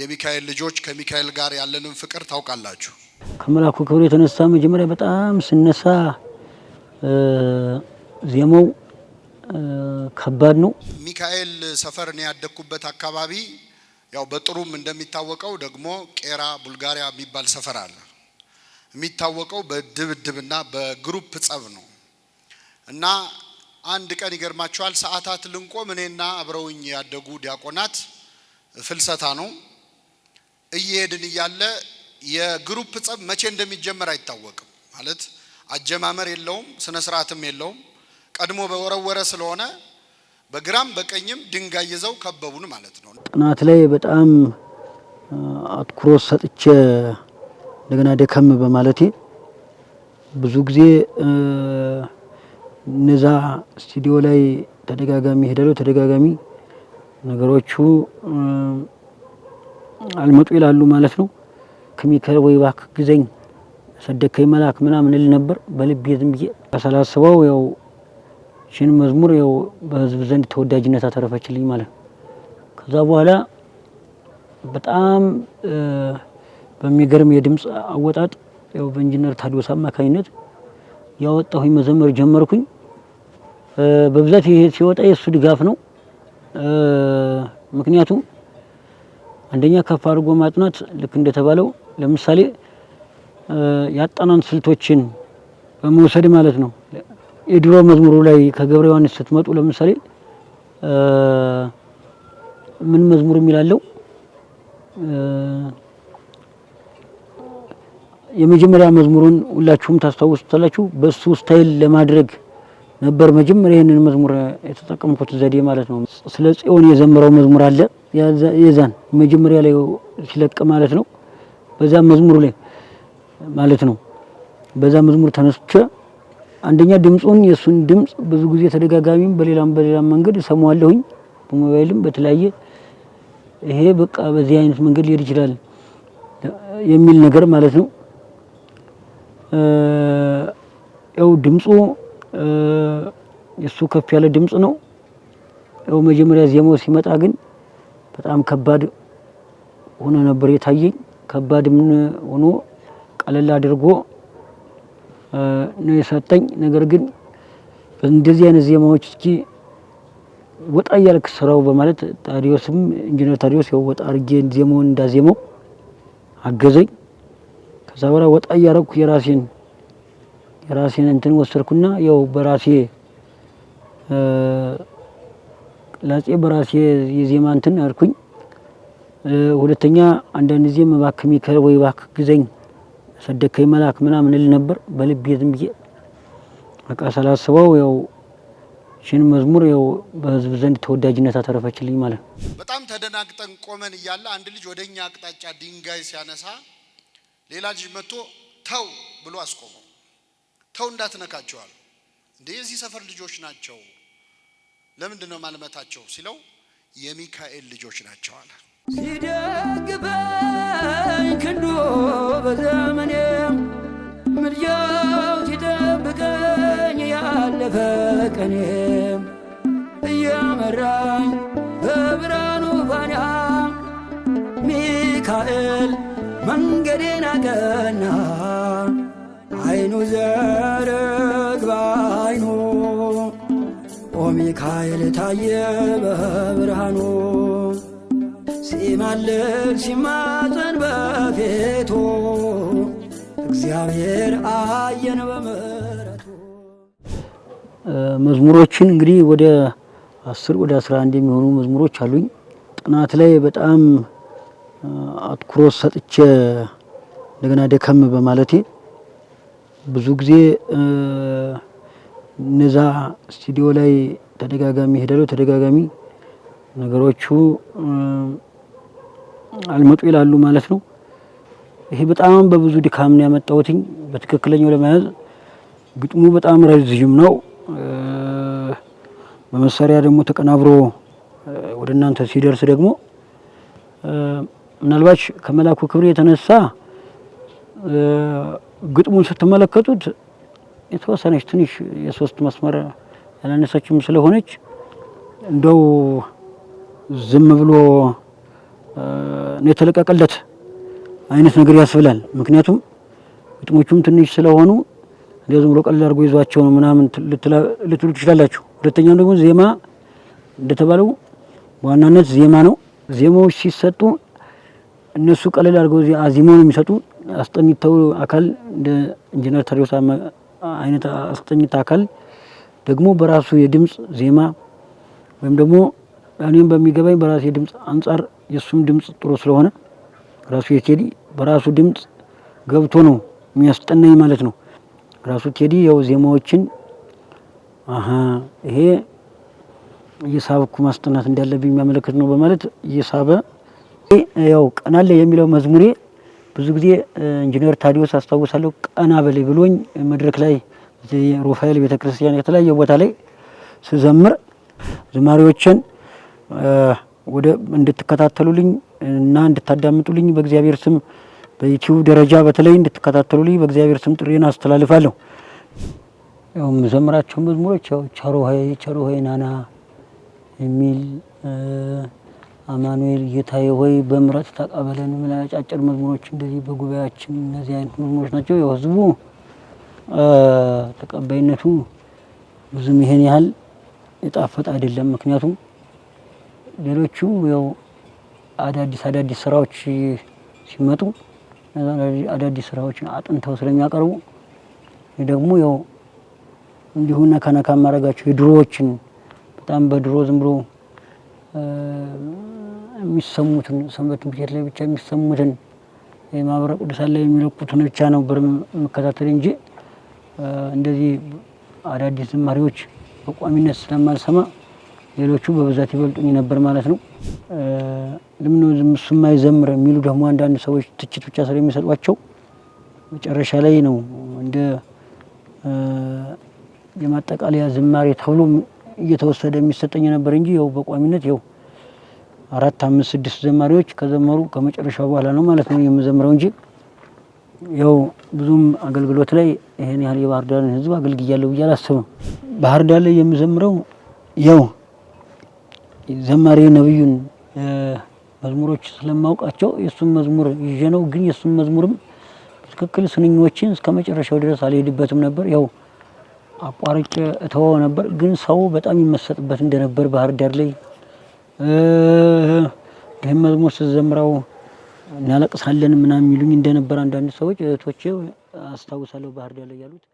የሚካኤል ልጆች ከሚካኤል ጋር ያለንን ፍቅር ታውቃላችሁ። ከመላኩ ክብር የተነሳ መጀመሪያ በጣም ስነሳ ዜማው ከባድ ነው። ሚካኤል ሰፈር ነው ያደግኩበት አካባቢ ያው በጥሩም እንደሚታወቀው ደግሞ ቄራ ቡልጋሪያ የሚባል ሰፈር አለ። የሚታወቀው በድብድብና በግሩፕ ጸብ ነው እና አንድ ቀን ይገርማቸዋል ሰዓታት ልንቆም እኔና አብረውኝ ያደጉ ዲያቆናት ፍልሰታ ነው እየሄድን እያለ የግሩፕ ጸብ መቼ እንደሚጀመር አይታወቅም። ማለት አጀማመር የለውም፣ ስነ ስርዓትም የለውም። ቀድሞ በወረወረ ስለሆነ በግራም በቀኝም ድንጋይ ይዘው ከበቡን ማለት ነው። ጥናት ላይ በጣም አትኩሮት ሰጥቼ እንደገና ደከም በማለቴ ብዙ ጊዜ እነዛ ስቱዲዮ ላይ ተደጋጋሚ ሄዳለሁ። ተደጋጋሚ ነገሮቹ አልመጡ ይላሉ ማለት ነው። ከሚካኤል ወይ እባክህ ግዘኝ ሰደከኝ መልአክ ምናምን ልል ነበር በልቤ ዝም ብዬ ሳላስበው ያው ሽን መዝሙር ያው በህዝብ ዘንድ ተወዳጅነት አተረፈችልኝ ማለት ነው። ከዛ በኋላ በጣም በሚገርም የድምፅ አወጣጥ ያው በኢንጂነር ታዲዮስ አማካኝነት ያወጣሁኝ መዘመር ጀመርኩኝ። በብዛት ይሄ ሲወጣ የእሱ ድጋፍ ነው። ምክንያቱም አንደኛ ከፍ አድርጎ ማጥናት ልክ እንደተባለው ለምሳሌ ያጠናን ስልቶችን በመውሰድ ማለት ነው። የድሮ መዝሙሩ ላይ ከገብረ ዮሐንስ ስትመጡ ለምሳሌ ምን መዝሙር የሚላለው የመጀመሪያ መዝሙሩን ሁላችሁም ታስታውሱታላችሁ። በሱ ስታይል ለማድረግ ነበር መጀመሪያ ይህንን መዝሙር የተጠቀምኩት ዘዴ ማለት ነው። ስለ ጽዮን የዘመረው መዝሙር አለ የዛን መጀመሪያ ላይ ሲለቅ ማለት ነው። በዛ መዝሙር ላይ ማለት ነው። በዛ መዝሙር ተነስቼ አንደኛ ድምፁን የእሱን ድምፅ ብዙ ጊዜ ተደጋጋሚም በሌላም በሌላም መንገድ እሰማዋለሁኝ በሞባይልም በተለያየ ይሄ በቃ በዚህ አይነት መንገድ ሊሄድ ይችላል የሚል ነገር ማለት ነው። ያው ድምፁ የእሱ ከፍ ያለ ድምጽ ነው። ያው መጀመሪያ ዜማው ሲመጣ ግን በጣም ከባድ ሆኖ ነበር የታየኝ። ከባድም ሆኖ ቀለል አድርጎ ነው የሰጠኝ። ነገር ግን እንደዚህ አይነት ዜማዎች እስኪ ወጣ እያልክ ስራው በማለት ታዲዮስም ኢንጂነር ታዲዮስ ያው ወጣ አድርጌ ዜማውን እንዳዜመው አገዘኝ። ከዛ በኋላ ወጣ እያረኩ የራሴን ራሴን እንትን ወሰድኩና ያው በራሴ ላጼ በራሴ የዜማ እንትን አልኩኝ። ሁለተኛ አንዳንድ ጊዜ እባክህ ሚካኤል ወይ ባክ ግዘኝ ሰደከኝ መልአክ ምናምን እል ነበር በልቤ ዝም ብዬ በቃ ሳላስበው ያው ሽን መዝሙር ያው በህዝብ ዘንድ ተወዳጅነት አተረፈችልኝ ማለት ነው። በጣም ተደናግጠን ቆመን እያለ አንድ ልጅ ወደኛ አቅጣጫ ድንጋይ ሲያነሳ ሌላ ልጅ መጥቶ ተው ብሎ አስቆመው። ተው እንዳትነካቸዋል። እንዴ የዚህ ሰፈር ልጆች ናቸው፣ ለምንድን ነው ማልመታቸው ሲለው የሚካኤል ልጆች ናቸው አለ። ሲደግፈኝ ክንዶ በዘመኔም ምልጃው ሲጠብቀኝ ያለፈ ቀኔም እያመራኝ በብርሃኑ ፋና ሚካኤል መንገዴን አቀና። አይኑ ዘርግባ አይኑ ኦ ሚካኤል ታየ በብርሃኑ ሲማልድ ሲማፀን በፊቱ እግዚአብሔር አየን በምሕረቱ። መዝሙሮችን እንግዲህ ወደ አስር ወደ አስራ አንድ የሚሆኑ መዝሙሮች አሉኝ። ጥናት ላይ በጣም አትኩሮት ሰጥቼ እንደገና ደከም በማለቴ ብዙ ጊዜ እነዛ ስቱዲዮ ላይ ተደጋጋሚ ሄዳለሁ። ተደጋጋሚ ነገሮቹ አልመጡ ይላሉ ማለት ነው። ይሄ በጣም በብዙ ድካም ነው ያመጣሁትኝ በትክክለኛው ለመያዝ። ግጥሙ በጣም ረዥም ነው። በመሳሪያ ደግሞ ተቀናብሮ ወደ እናንተ ሲደርስ ደግሞ ምናልባች ከመላኩ ክብር የተነሳ ግጥሙን ስትመለከቱት የተወሰነች ትንሽ የሶስት መስመር ያላነሰችም ስለሆነች እንደው ዝም ብሎ ነው የተለቀቀለት አይነት ነገር ያስብላል። ምክንያቱም ግጥሞቹም ትንሽ ስለሆኑ እንደ ብሎ ቀለል አድርጎ ይዟቸው ነው ምናምን ልትሉ ትችላላችሁ። ሁለተኛው ደግሞ ዜማ እንደተባለው በዋናነት ዜማ ነው። ዜማዎች ሲሰጡ እነሱ ቀለል አድርገው አዚሞ ነው የሚሰጡ አስጠኝተው አካል እንደ ኢንጂነር ተሪዮስ አይነት አስጠኝታ አካል ደግሞ በራሱ የድምፅ ዜማ ወይም ደግሞ እኔም በሚገባኝ በራሱ የድምፅ አንጻር የእሱም ድምፅ ጥሩ ስለሆነ ራሱ የቴዲ በራሱ ድምፅ ገብቶ ነው የሚያስጠናኝ ማለት ነው። ራሱ ቴዲ ያው ዜማዎችን አሀ ይሄ እየሳብኩ ማስጠናት እንዳለብኝ የሚያመለክት ነው በማለት እየሳበ ያው ቀናለ የሚለው መዝሙሬ ብዙ ጊዜ ኢንጂነር ታዲዮስ አስታውሳለሁ ቀና በላይ ብሎኝ መድረክ ላይ ሩፋኤል ቤተክርስቲያን የተለያየ ቦታ ላይ ስዘምር ዝማሪዎችን ወደ እንድትከታተሉልኝ እና እንድታዳምጡልኝ በእግዚአብሔር ስም በዩቲዩብ ደረጃ በተለይ እንድትከታተሉልኝ በእግዚአብሔር ስም ጥሬን አስተላልፋለሁ። ያው የምዘምራቸው መዝሙሮች ያው ቸሮሀይ ቸሮሀይ ናና የሚል አማኑኤል ጌታዬ ሆይ በምረት ተቀበለን። ምን አጫጭር መዝሙሮች እንደዚህ በጉባኤያችን እነዚህ አይነት መዝሙሮች ናቸው። ያው ህዝቡ ተቀባይነቱ ብዙም ይሄን ያህል የጣፈጥ አይደለም። ምክንያቱም ሌሎቹ ያው አዳዲስ አዳዲስ ስራዎች ሲመጡ አዳዲስ ስራዎችን አጥንተው ስለሚያቀርቡ ደግሞ ያው እንዲሁ ነካ ነካ ማድረጋቸው የድሮዎችን በጣም በድሮ ዝም ብሎ የሚሰሙትን ሰንበት ትምህርት ቤት ላይ ብቻ የሚሰሙትን ማህበረ ቅዱሳን ላይ የሚለቁትን ብቻ ነበር የምከታተል እንጂ እንደዚህ አዳዲስ ዝማሪዎች በቋሚነት ስለማልሰማ ሌሎቹ በብዛት ይበልጡኝ ነበር ማለት ነው። ለምን እሱ የማይዘምር የሚሉ ደግሞ አንዳንድ ሰዎች ትችት ብቻ ስለሚሰጧቸው መጨረሻ ላይ ነው እንደ የማጠቃለያ ዝማሬ ተብሎ እየተወሰደ የሚሰጠኝ ነበር እንጂ ያው በቋሚነት ያው አራት አምስት ስድስት ዘማሪዎች ከዘመሩ ከመጨረሻው በኋላ ነው ማለት ነው የምዘምረው እንጂ ያው ብዙም አገልግሎት ላይ ይሄን ያህል የባህር ዳርን ህዝብ አገልግያለሁ ብዬ አላስብም። ባህር ዳር ላይ የምዘምረው ያው ዘማሪ ነብዩን መዝሙሮች ስለማውቃቸው የእሱን መዝሙር ይዤ ነው። ግን የእሱን መዝሙርም ትክክል ስንኞችን እስከ መጨረሻው ድረስ አልሄድበትም ነበር። ያው አቋርጬ እተወው ነበር። ግን ሰው በጣም ይመሰጥበት እንደነበር ባህር ዳር ላይ ይህም መዝሙር ስዘምረው እናለቅሳለን ምናምን የሚሉኝ እንደነበር አንዳንድ ሰዎች እህቶቼ አስታውሳለሁ ባህር ዳር ላይ ያሉት